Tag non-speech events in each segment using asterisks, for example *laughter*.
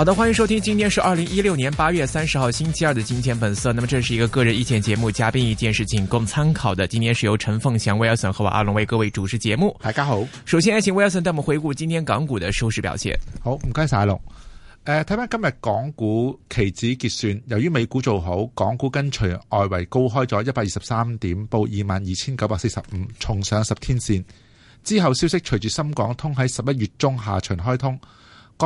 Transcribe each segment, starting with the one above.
好的，歡迎收聽，今天是二零一六年八月三十號星期二的《金錢本色》。那麼這是一個個人意見節目，嘉賓意見是僅供參考的。今天是由陳鳳祥、威爾森和我阿龍為各位主持節目。大家好，首先請威爾森帶我們回顧今天港股的收市表現。好，唔該晒阿龍。誒、呃，睇翻今日港股期指結算，由於美股做好，港股跟隨外圍高開咗一百二十三點，報二萬二千九百四十五，重上十天綫。之後消息隨住深港通喺十一月中下旬開通。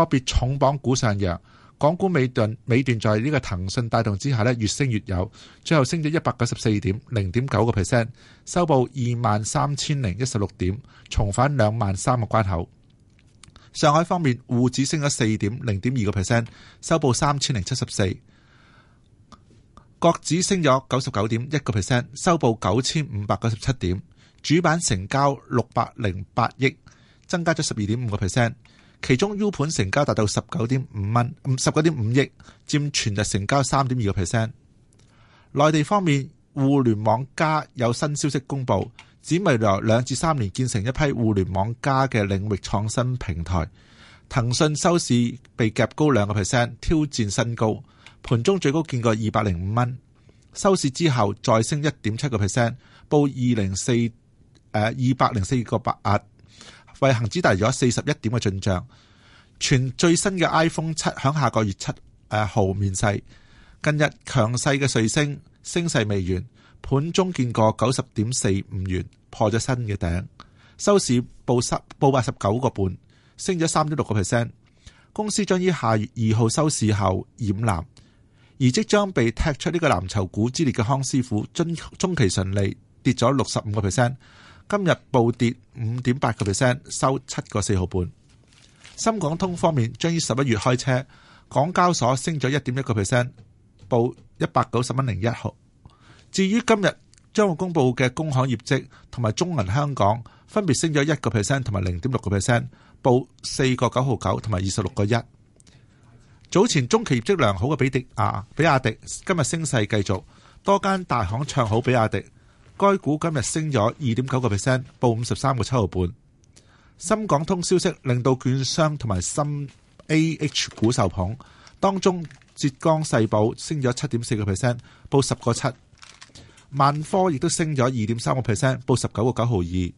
個別重磅股上揚，港股尾段尾段在呢個騰訊帶動之下咧，越升越有，最後升咗一百九十四點零點九個 percent，收報二萬三千零一十六點，重返兩萬三嘅關口。上海方面，滬指升咗四點零點二個 percent，收報三千零七十四，國指升咗九十九點一個 percent，收報九千五百九十七點。主板成交六百零八億，增加咗十二點五個 percent。其中 U 盤成交達到十九點五蚊，十九點五億，佔全日成交三點二個 percent。內地方面，互聯網加有新消息公布，指未來兩至三年建成一批互聯網加嘅領域創新平台。騰訊收市被夾高兩個 percent，挑戰新高，盤中最高見過二百零五蚊，收市之後再升一點七個 percent，報二零四，誒，二百零四個八壓。惠恆指大咗四十一點嘅進帳，傳最新嘅 iPhone 七響下個月七誒號面世，近日強勢嘅瑞聲，升勢未完，盤中見過九十點四五元破咗新嘅頂，收市報十報八十九個半，升咗三點六個 percent。公司將於下月二號收市後染藍，而即將被踢出呢個藍籌股之列嘅康師傅，終中期純利跌咗六十五個 percent。今日暴跌五點八個 percent，收七個四毫半。深港通方面將於十一月開車，港交所升咗一點一個 percent，報一百九十蚊零一毫。至於今日將會公布嘅工行業績，同埋中銀香港分別升咗一個 percent 同埋零點六個 percent，報四個九毫九同埋二十六個一。早前中期業績良好嘅比迪亞、啊，比亞迪今日升勢繼續，多間大行唱好比亞迪。該股今日升咗二點九個 percent，報五十三個七毫半。深港通消息令到券商同埋深 AH 股受捧，當中浙江世寶升咗七點四個 percent，報十個七。萬科亦都升咗二點三個 percent，報十九個九毫二。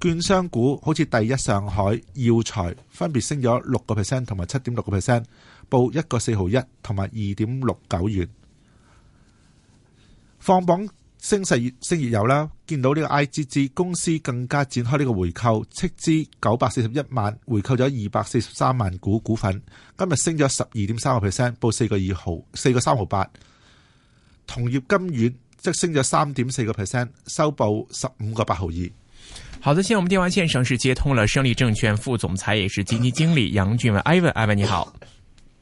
券商股好似第一上海、耀才分別升咗六個 percent 同埋七點六個 percent，報一個四毫一同埋二點六九元。放榜。升十月升月有啦，見到呢個 I G G 公司更加展開呢個回購，斥資九百四十一萬，回購咗二百四十三萬股股份。今日升咗十二點三個 percent，報四個二毫四個三毫八。同業金苑即升咗三點四個 percent，收報十五個八毫二。好的，先我們電話線上是接通了，勝利證券副總裁也是基金經理楊俊文，Ivan，Ivan *laughs* 你好。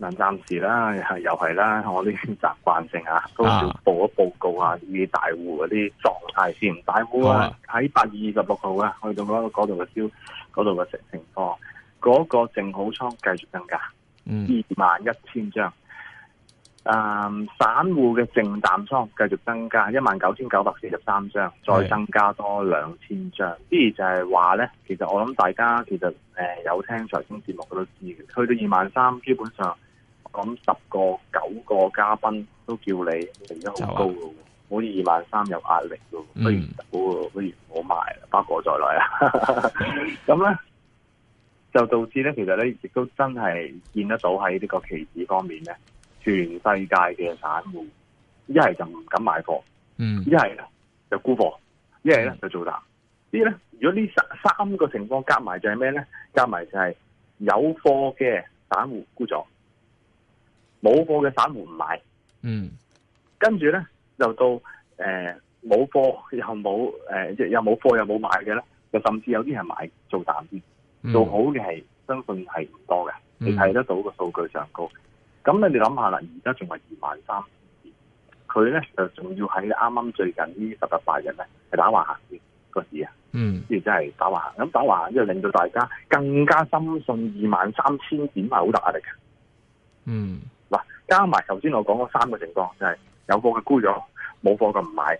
嗱暫時啦，又係又係啦，我呢啲習慣性啊，都要報一報告啊，下大戶嗰啲狀態先。大戶啊，喺八月二十六號啊，去到嗰度嘅消嗰度嘅情情況，嗰、嗰個淨好倉繼續增加、嗯，二萬一千張。嗯，散戶嘅淨淡倉繼續增加，一萬九千九百四十三張，再增加多兩千張。呢就係話咧，其實我諗大家其實誒、呃、有聽財經節目都知嘅，去到二萬三基本上。咁十個九個嘉賓都叫你成咗好高，好似二萬三有壓力喎。不如唔好喎，不如我賣啦，包過再來啦。咁咧就導致咧，其實咧亦都真係見得到喺呢個期指方面咧，全世界嘅散戶一係就唔敢買貨，一係就沽貨，一係咧就做大，啲、嗯、咧，如果呢三三個情況夾埋就係咩咧？夾埋就係有貨嘅散戶沽咗。冇貨嘅散戶唔買，嗯，跟住咧就到誒冇、呃、貨又冇誒、呃、又冇貨又冇買嘅啦，就甚至有啲係買做淡啲、嗯，做好嘅係相信係唔多嘅，你睇得到個數據上高，咁你哋諗下啦，而家仲係二萬三千點，佢咧就仲要喺啱啱最近呢十八八日咧係打橫行先個市啊，嗯，那想想是 23, 呢啲真係打橫，咁、嗯、打橫即係令到大家更加深信二萬三千點係好大壓力嘅，嗯。加埋頭先我講嗰三個情況，就係、是、有貨嘅沽咗，冇貨嘅唔買，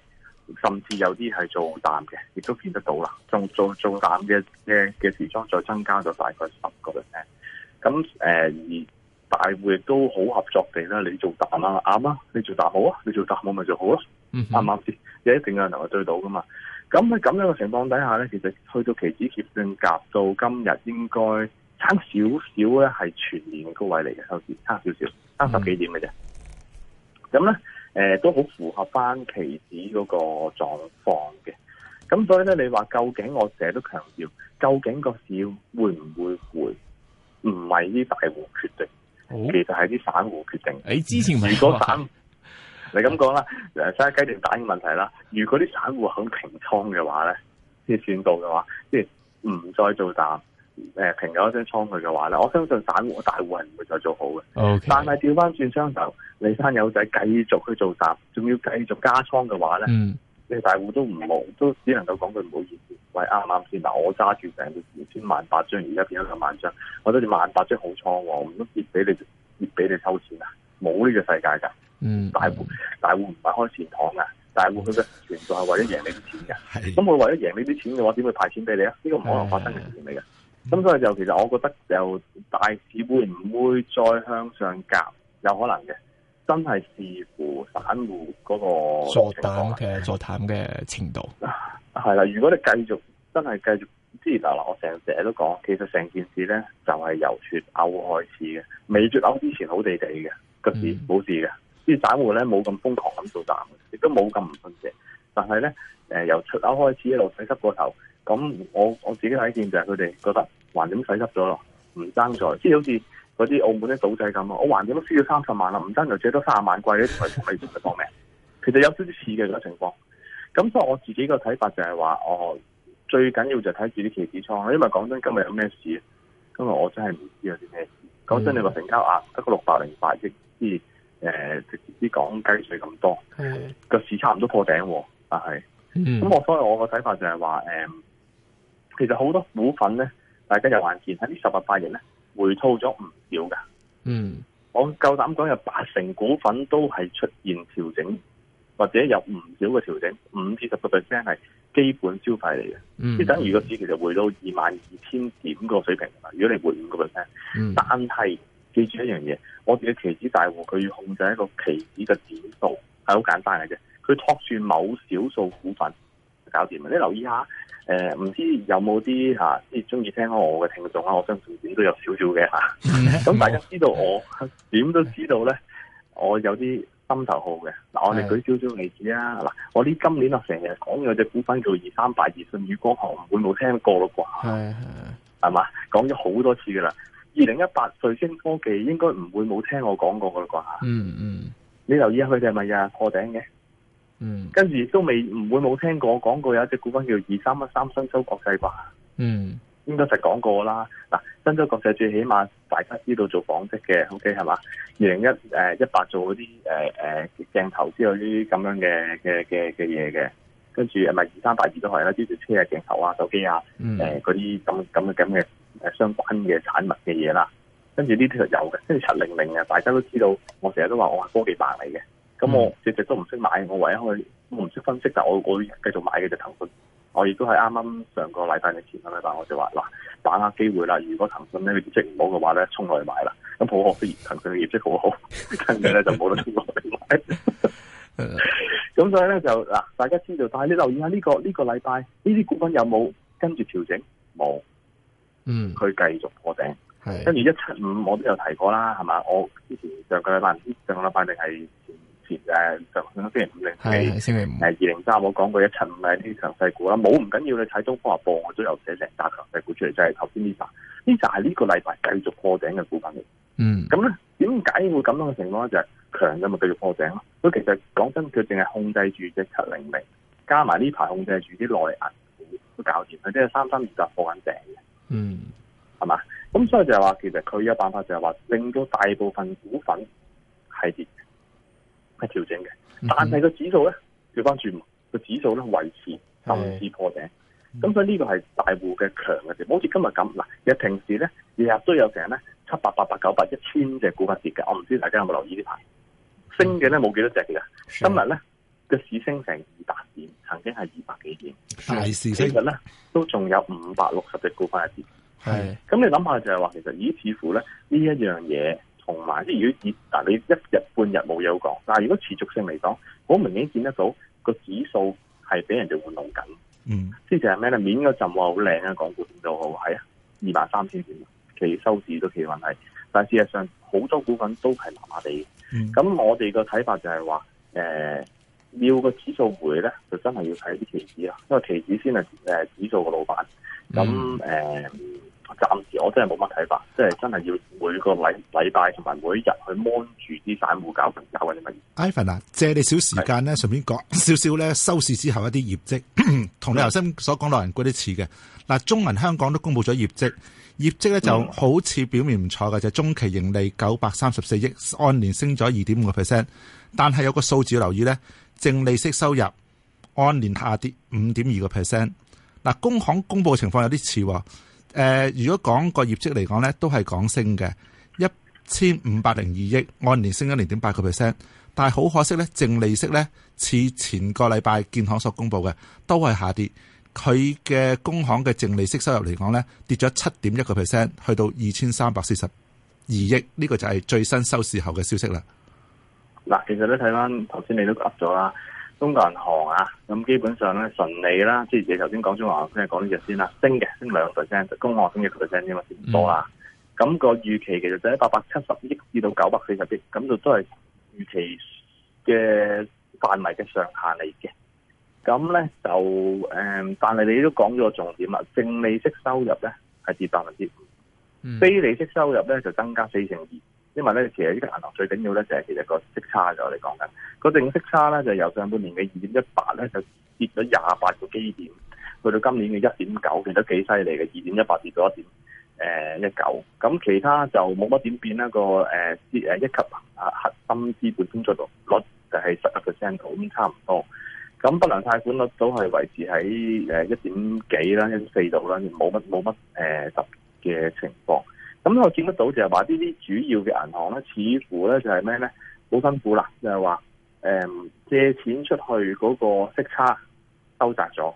甚至有啲係做淡嘅，亦都見得到啦。做做淡嘅嘅嘅時裝再增加咗大概十個 percent。咁誒、呃、而大戶亦都好合作地啦。你做淡啦、啊，啱啦、啊，你做淡好啊，你做淡冇咪做，做好咯，啱唔啱先？一定嘅能夠對到噶嘛。咁喺咁樣嘅情況底下咧，其實去到期指結算夾到今日應該差少少咧，係全年高位嚟嘅，收市差少少。三、嗯、十幾點嘅啫，咁咧，誒、呃，都好符合翻期指嗰個狀況嘅。咁所以咧，你話究竟我成日都強調，究竟個市會唔會回？唔係啲大戶決定，哦、其實係啲散戶決定。你、欸、之前如果散，你咁講啦，生雞定蛋嘅問題啦。如果啲 *laughs* 散戶肯平倉嘅話咧，先算到嘅話，即係唔再做淡。誒，平咗一張倉佢嘅話咧，我相信散戶大戶係唔會再做好嘅。Okay. 但係調翻轉槍頭，你生友仔繼續去做賺，仲要繼續加倉嘅話咧，嗯，你大戶都唔好，都只能夠講句唔好意思，喂啱唔啱先？嗱，我揸住成千萬八張，而家變咗兩萬張，我都係萬八張好倉，唔都跌俾你跌俾你抽錢啊！冇呢個世界噶嗯，大戶大戶唔係開善堂噶大戶佢嘅存在係為咗贏你啲錢嘅，咁佢為咗贏你啲錢嘅話，點會派錢俾你啊？呢個唔可能發生嘅事嚟嘅。咁、嗯嗯、所以就其實我覺得就大市會唔會再向上夾，有可能嘅，真係視乎散戶嗰個做淡嘅做淡嘅程度。係、啊、啦，如果你繼續真係繼續，之前嗱嗱，我成日成日都講，其實成件事咧就係、是、由脫歐開始嘅，未脫歐之前好，好事事、嗯、地地嘅，嗰時冇事嘅，啲散戶咧冇咁瘋狂咁做淡，亦都冇咁唔信邪。但係咧，誒、呃、由脫歐開始一路洗濕個頭。咁我我自己睇見就係佢哋覺得橫掂洗濕咗咯，唔爭在，即係好似嗰啲澳門啲賭仔咁啊，我橫掂都輸咗三十萬啦，唔爭就借多三十萬貴啲，同你同佢搏命。其實有少少似嘅咁情況。咁所以我自己個睇法就係話，我最緊要就睇住啲期指倉啦。因為講真，今日有咩事？今日我真係唔知有啲咩事。講真，你話成交額一個六百零八億，即、呃、誒，直接啲講雞碎咁多，個市差唔多破頂，但係，咁我所以我個睇法就係話，誒、嗯。其實好多股份咧，大家又還健喺呢十八塊型咧，回吐咗唔少噶。嗯，我夠膽講有八成股份都係出現調整，或者有唔少嘅調整，五至十個 percent 係基本消費嚟嘅。即、嗯、係等如個市其實回到二萬二千點個水平，嗱，如果你回五個 percent，但係記住一樣嘢，我哋嘅期指大戶佢要控制一個期指嘅點數係好簡單嘅啫，佢托住某少數股份。搞掂啊！你留意下，誒、呃，唔知有冇啲吓，即係中意聽我嘅聽眾啊，我相信自己都有少少嘅吓。咁、啊、 *laughs* 大家知道我點 *laughs* 都知道咧、 *laughs* 啊，我有啲心頭好嘅。嗱，我哋舉少少例子啊。嗱，我呢今年啊，成日講有隻股份叫二三八二，舜宇光學唔會冇聽過噶啩？係係係嘛，講咗好多次噶啦。二零一八瑞聲科技應該唔會冇聽我講過噶啦啩？嗯嗯，你留意下佢哋係咪日破頂嘅？嗯，跟住亦都未唔會冇聽過講過有一隻股份叫二三一三申洲國際吧？嗯，應該實講過的啦。嗱，申洲國際最起碼大家知道做紡織嘅，O K 係嘛，二零一誒一八做嗰啲誒誒鏡頭之類啲咁樣嘅嘅嘅嘅嘢嘅，跟住誒唔係二三八二都係啦，啲條車啊鏡頭啊手機啊，誒嗰啲咁咁嘅咁嘅誒相關嘅產物嘅嘢啦，跟住呢啲係有嘅，跟住七零零啊。大家都知道，我成日都話我係科技白嚟嘅。咁、嗯、我隻隻都唔識買，我唯一去我唔識分析，但係我我繼續買嘅就騰訊，我亦都係啱啱上個禮拜嘅前個禮拜，我就話嗱，把握機會啦。如果騰訊咧業績唔好嘅話咧，衝落去買啦。咁好可惜，騰訊嘅業績好好，跟住咧就冇得衝落去買。咁所以咧就嗱，大家知道，但係你留意下呢、呢個呢、呢個禮拜呢啲股份有冇跟住調整？冇，嗯，佢繼續破頂。跟住一七五我都有提過啦，係嘛？我之前上個禮拜，上個禮拜定係誒、嗯，就星期五零係星期五，誒，二零三我講過，一層五係啲強勢股啦，冇唔緊要，你睇東方財富我都有寫成揸強勢股出嚟，就係頭先呢隻，呢隻係呢個禮拜繼續破頂嘅股份嚟。嗯，咁咧點解會咁樣嘅情況咧？就係強嘅咪繼續破頂咯。所以其實講真，佢淨係控制住隻七零零，加埋呢排控制住啲內銀股都搞掂，佢即係三分二就破緊頂嘅。嗯，係嘛？咁所以就係話，其實佢有辦法就係話令到大部分股份係跌。係調整嘅，但係個指數咧調翻轉，個指數咧維持甚至破頂，咁所以呢個係大戶嘅強嘅地方，好似今日咁嗱。其實平時咧，日日都有成咧七百、八百、九百、一千隻股份跌嘅，我唔知大家有冇留意升的呢排升嘅咧冇幾多隻嘅。今日咧個市升成二百點，曾經係二百幾點大市升嘅咧，都仲有五百六十隻股份係跌。係咁你諗下就係話，其實咦似乎咧呢這一樣嘢。同埋，即係如果嗱你一日半日冇有講，但係如果持續性嚟講，好明顯見得到個指數係俾人哋玩弄緊。嗯，即係就係咩咧？面嗰陣話好靚啊，港股點都好，係二萬三千點，其收市都企穩係。但係事實上，好多股份都係麻麻地。嗯，咁我哋個睇法就係話，誒、呃，要個指數回咧，就真係要睇啲期指啦，因為期指先係誒指數嘅老闆。咁誒。嗯呃暫時我真係冇乜睇法，即係真係要每個禮禮拜同埋每一日去芒住啲散戶搞成交嗰啲乜嘢。Ivan 啊，借你少時間咧，順便講少少咧，收市之後一啲業績，同你頭先所講內銀股啲似嘅嗱。中銀香港都公布咗業績，業績咧就好似表面唔錯嘅，就、嗯、中期盈利九百三十四億，按年升咗二點五個 percent。但係有個數字要留意咧，淨利息收入按年下跌五點二個 percent。嗱，工行公布嘅情況有啲似。誒，如果講個業績嚟講呢都係講升嘅，一千五百零二億，按年升咗零點八個 percent。但係好可惜呢淨利息呢似前個禮拜建行所公布嘅，都係下跌。佢嘅工行嘅淨利息收入嚟講呢跌咗七點一個 percent，去到二千三百四十二億。呢個就係最新收市後嘅消息啦。嗱，其實咧睇翻頭先，看看才你都噏咗啦。中國銀行啊，咁基本上咧純利啦，即係你頭先講中國銀行先係講呢隻先啦，升嘅升兩個 percent，公行升一個 percent 啫嘛，少、嗯、啦。咁個預期其實就喺八百七十億至到九百四十億，咁就都係預期嘅範圍嘅上限嚟嘅。咁咧就誒，但係你都講咗個重點啦，淨利息收入咧係跌百分之五，嗯、非利息收入咧就增加四成二。因為咧，其實呢個銀行最緊要咧，就係、是、其實個息差就我哋講緊個淨息差咧，就由上半年嘅二點一八咧，就跌咗廿八個基點，去到今年嘅一點九，其實都幾犀利嘅。二點一八跌咗一點誒一九，咁其他就冇乜點變啦。個誒資一級核心資本充足率就係十一個 percent 度，咁差唔多。咁不良貸款率都係維持喺誒一點幾啦，一點四度啦，冇乜冇乜誒特別嘅情況。咁我見得到就係話呢啲主要嘅銀行咧，似乎咧就係咩咧，好辛苦啦，就係、是、話，誒、嗯，借錢出去嗰個息差收窄咗，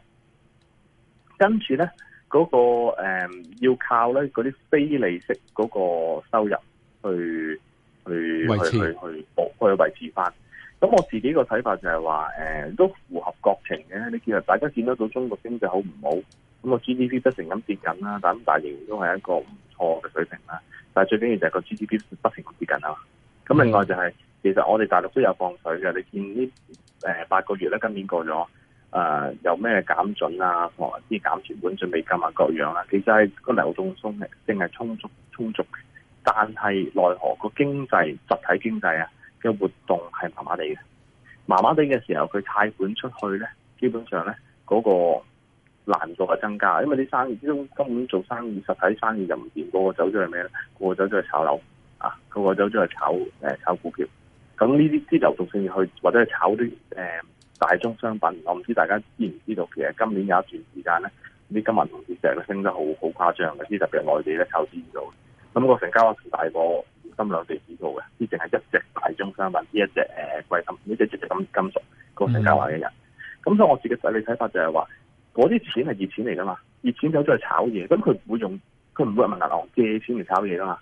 跟住咧嗰個誒、嗯、要靠咧嗰啲非利息嗰個收入去去去去去去維持翻。咁我自己個睇法就係、是、話，誒、嗯、都符合國情嘅。你其實大家見得到中國經濟好唔好？咁、那個 GDP，成這近、啊個不，啊、個 GDP 不停咁跌緊啦，咁大係都係一個唔錯嘅水平啦。但係最緊要就係個 GDP 不停咁跌緊啊。咁另外就係、是，其實我哋大陸都有放水嘅。你見呢誒八個月咧，今年過咗誒、呃，有咩減準啊，放一啲減存款準備金啊各樣啊，其實係個流動性淨係充足充足嘅。但係奈何個經濟實體經濟啊嘅活動係麻麻地嘅，麻麻地嘅時候，佢貸款出去咧，基本上咧嗰、那個。難度係增加，因為啲生意之中根本做生意實體生意就唔掂，個個走咗去咩咧？個個走咗去炒樓啊，個個走咗去炒誒炒股票。咁呢啲啲流動性去或者係炒啲誒、呃、大宗商品。我唔知大家知唔知道，其實今年有一段時間咧，啲金銀黃之石咧升得好好誇張嘅，啲特別係內地咧炒市嘢咁個成交額大過金兩地指數嘅，呢淨係一隻大宗商品，呢一隻誒、呃、貴金，呢隻直金金屬、個成交額嘅人。咁、嗯、所以我自己嘅睇法就係話。嗰啲錢係熱錢嚟噶嘛，熱錢走咗去炒嘢，咁佢唔會用佢唔會問銀行借錢嚟炒嘢啊嘛，佢、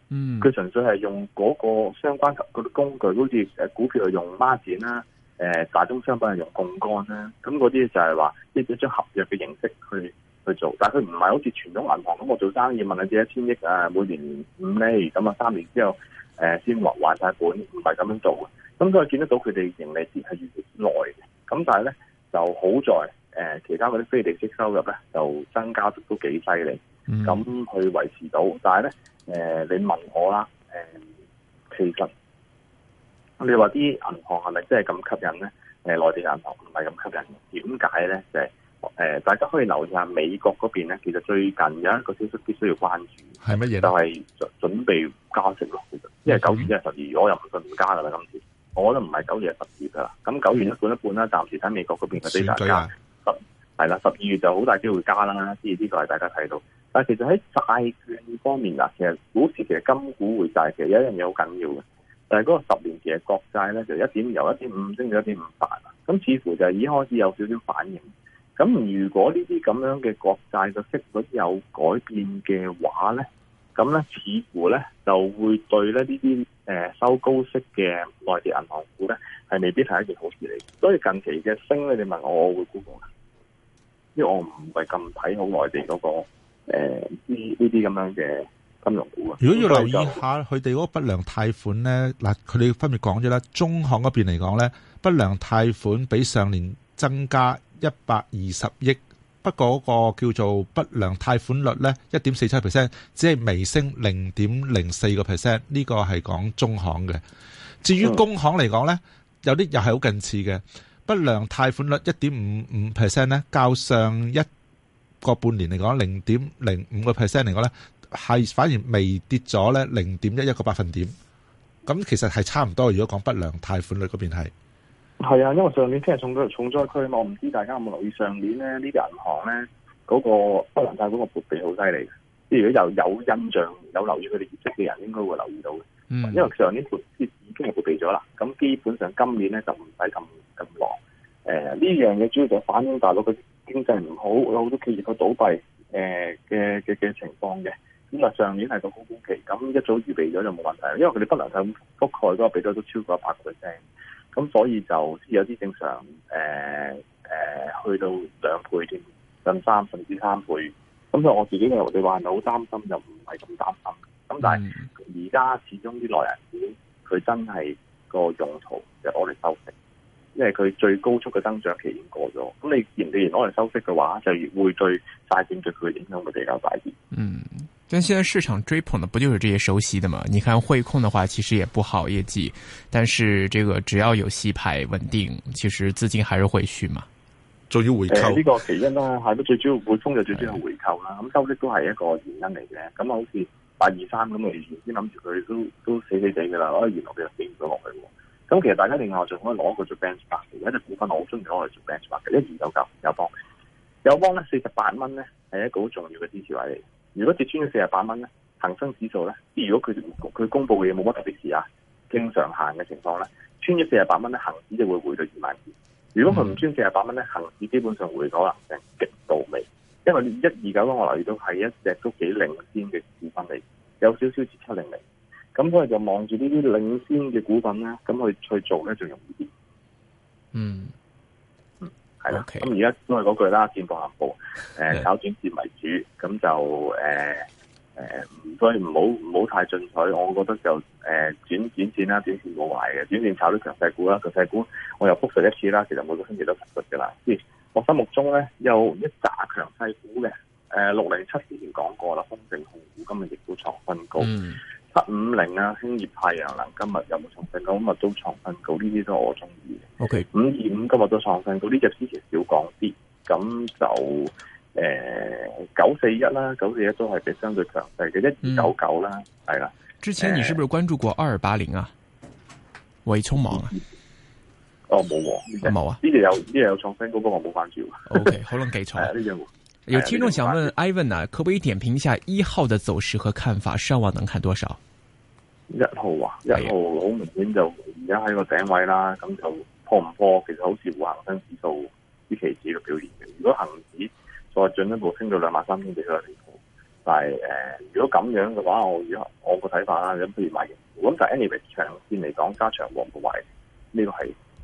嗯、純粹係用嗰個相關啲工具，好似誒股票係用孖展啦，誒大宗商品係用槓杆啦，咁嗰啲就係話，即、就是、一張合約嘅形式去去做，但係佢唔係好似傳統銀行咁，我做生意問你借一千億啊，每年五厘咁啊，三年之後誒、呃、先還還曬本，唔係咁樣做嘅，咁所以見得到佢哋盈利期係越嚟越耐，咁但係咧。就好在，誒、呃，其他嗰啲非利息收入咧，就增加幅都幾犀利，咁去維持到。但係咧，誒、呃，你問我啦，誒、呃，其實你話啲銀行係咪真係咁吸引咧？誒、呃，內地銀行唔係咁吸引，點解咧？就係、是，誒、呃，大家可以留意下美國嗰邊咧，其實最近有一個消息必須要關注，係乜嘢？就係準，準備加息咯，其實，因為九月即係十二月，嗯，就是、12, 我又唔信唔加噶啦，今次。我覺得唔係九月十二噶啦，咁九月一半一半啦，嗯，暫時喺美國嗰邊嘅數據啊，咁係啦，十二月就好大機會加啦，呢、呢、呢個係大家睇到。但係其實喺債券方面啊，其實股市其實金股匯債其實有一樣嘢好緊要嘅，但係嗰個十年期嘅國債咧就一點由一點五升咗一點五八啦，咁似乎就已經開始有少少反應。咁如果呢啲咁樣嘅國債嘅息率有改變嘅話咧，咁咧似乎咧就會對咧呢啲。誒，收高息嘅內地銀行股咧，係未必係一件好事嚟。所以近期嘅升咧，你問我我會估唔估？因為我唔係咁睇好內地嗰個誒呢呢啲咁樣嘅金融股啊。如果要留意下佢哋嗰個不良貸款咧，嗱，佢哋分別講咗啦。中行嗰邊嚟講咧，不良貸款比上年增加一百二十億。不過嗰個叫做不良貸款率咧，一點四七 percent，只係微升零點零四個 percent，呢個係講中行嘅。至於工行嚟講咧，有啲又係好近似嘅不良貸款率一點五五 percent 咧，較上一個半年嚟講零點零五個 percent 嚟講咧，係反而微跌咗咧零點一一個百分點。咁其實係差唔多，如果講不良貸款率嗰邊係。係啊，因為上年聽日重災重災區，我唔知大家有冇留意上年咧呢啲銀行咧嗰、嗰個不良貸款個撥備好犀利，即如果又有，有印象有留意佢哋業績嘅人，應該會留意到嘅、嗯。因為上年撥息已經係撥備咗啦，咁基本上今年咧就唔使咁咁忙。誒，呢樣嘢主要就反映大陸嘅經濟唔好，好多企業都倒閉誒嘅嘅嘅情況嘅。咁啊，上年係個高峰期，咁一早預備咗就冇問題。因為佢哋不良貸款覆蓋嗰個備咗都比了超過一百個 percent。咁、嗯、所以就有啲正常，誒、呃、誒、呃、去到兩倍添，兩三甚至三倍。咁、嗯、所以我自己嘅話，我好擔心就唔係咁擔心。咁、嗯、但係而家始終啲內銀紙，佢真係個用途就攞、是、嚟收息，因為佢最高速嘅增長期已經過咗。咁、嗯、你連連攞嚟收息嘅話，就越會對債券對佢嘅影響會比較大啲。嗯。但係 *music* 現在市場追捧的不就是這些熟悉的嘛？你看匯控的話其實也不好業績，但是這個只要有息牌穩定，其實資金還是會續嘛。做主要回購，呢個原因咯，係咯最主要匯豐就最主要回購啦。咁收息都係一個原因嚟嘅。咁啊好似八二三咁，我原先諗住佢都都死死哋噶啦，啊原來佢又跌咗落去。咁其實大家另外仲可以攞個做 benchmark，有一隻股份我好中意攞嚟做 benchmark 嘅，一二九九有幫，有幫咧，四十八蚊咧係一個好重要嘅支持位嚟。如果跌穿咗四十八蚊咧，恒生指數咧，如果佢佢公布嘅嘢冇乜特別事啊，正常行嘅情況咧，穿咗四十八蚊咧，恒指就會回到二萬點。如果佢唔穿四十八蚊咧，恒指基本上回咗啦，成極度尾。因為一二九九我留意到係一隻都幾領先嘅股份嚟，有少少跌七零零。咁所以就望住呢啲領先嘅股份咧，咁去去做咧，就容易啲。嗯。係啦，咁而家都係嗰句啦，見步行步，誒，炒短線為主，咁就誒誒，所以唔好唔好太進取，我覺得就誒，轉短線啦，轉線冇壞嘅，轉線炒啲強勢股啦，強勢股我又複述一次啦，其實每個星期都複述嘅啦，即我心目中咧有一紮強勢股嘅，誒，六零七之前講過啦，風正控股今日亦都創新高。八五零啊，興業太陽能今日有冇創新高？今日都創新高，呢啲都我中意。O K，五二五今日都創新高，呢隻之前少講啲。咁就誒九四一啦，九四一都係比相對強勢嘅。一二九九啦，係、嗯、啦。之前你是不是關注過二二八零啊？喂、欸，我也匆忙啊？哦，冇冇啊？呢隻有呢、啊、隻、這個這個、有創、這個、新高，不過我冇關注。O K，可能記錯、 *laughs* 啊這個、有聽眾想問 Ivan 啊、這個，可不可以點評一下一號的走勢和看法？上網能看多少？一號啊，一號好明顯就而家喺個頂位啦，咁就破唔破？其實好其似恒生指數啲期指嘅表現嘅。如果恒指再進一步升到兩萬三千幾嘅地步，但係誒、呃，如果咁樣嘅話，我如果我個睇法啦，咁不如買完股。咁但 anyway，長線嚟講，加長和嘅位，呢、這個係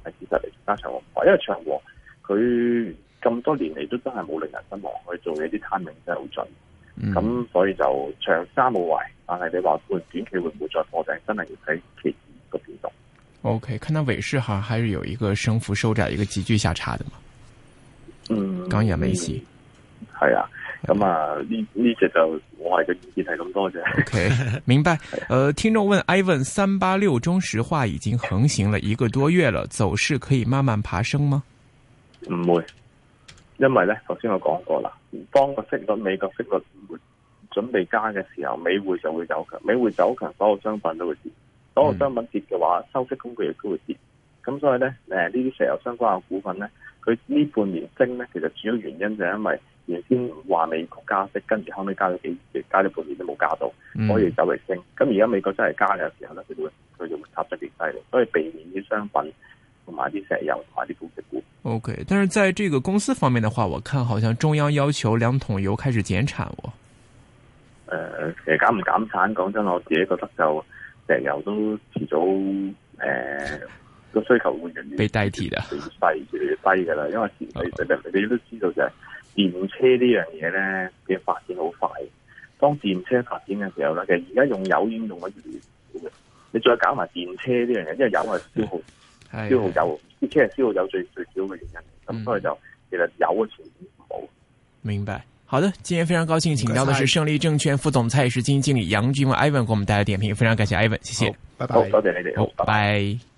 係事實嚟，加長和，因為長和佢咁多年嚟都真係冇令人失望，佢做嘢啲 timing 真係好準。咁、嗯、所以就長揸無壞，但係你話會短期會唔會再破頂，真係要睇期指個變動。O、okay, K，看到尾市哈，還是有一個升幅收窄一個急劇下差的嘛。嗯，港元美息係啊，咁啊呢呢隻就我係個意思係咁多啫。嗯、o、okay, K，明白。誒、 *laughs* 呃，聽眾問 Ivan，三八六中石化已經橫行咗一個多月啦，走勢可以慢慢爬升嗎？唔會，因為咧，頭先我講過啦。當個息率，美國息率準備加嘅時候，美匯就會走強，美匯走強，所有商品都會跌，所有商品跌嘅話，收息工具亦都會跌。咁所以咧，誒呢啲石油相關嘅股份咧，佢呢半年升咧，其實主要原因就係因為原先話美國加息，跟住後尾加咗幾，加咗半年都冇加到，所以走嚟升。咁而家美國真係加嘅時候咧，佢就會佢就會插得越低，所以避免啲商品。同埋啲石油，同埋啲股息股。O、okay, K，但是在這個公司方面的話，我看好像中央要求兩桶油開始減產。誒、呃，其實減唔減產，講真，我自己覺得就石油都遲早誒個、呃、需求會被代替啦，越細越低噶啦。因為其實你你都知道就係電車呢樣嘢咧，嘅發展好快。當電車發展嘅時候啦，其實而家用油已經用得越少嘅。你再搞埋電車呢樣嘢，因為油係消耗。嗯消耗就，即係消耗有最最少嘅原因，咁、嗯、所以就其實有嘅情提唔好。明白，好的，今天非常高興，請到嘅是勝利證券副總裁兼基金經理楊俊文 Ivan，給我們帶嚟點評，非常感謝 Ivan，謝謝，拜拜，多謝你哋，好，拜拜。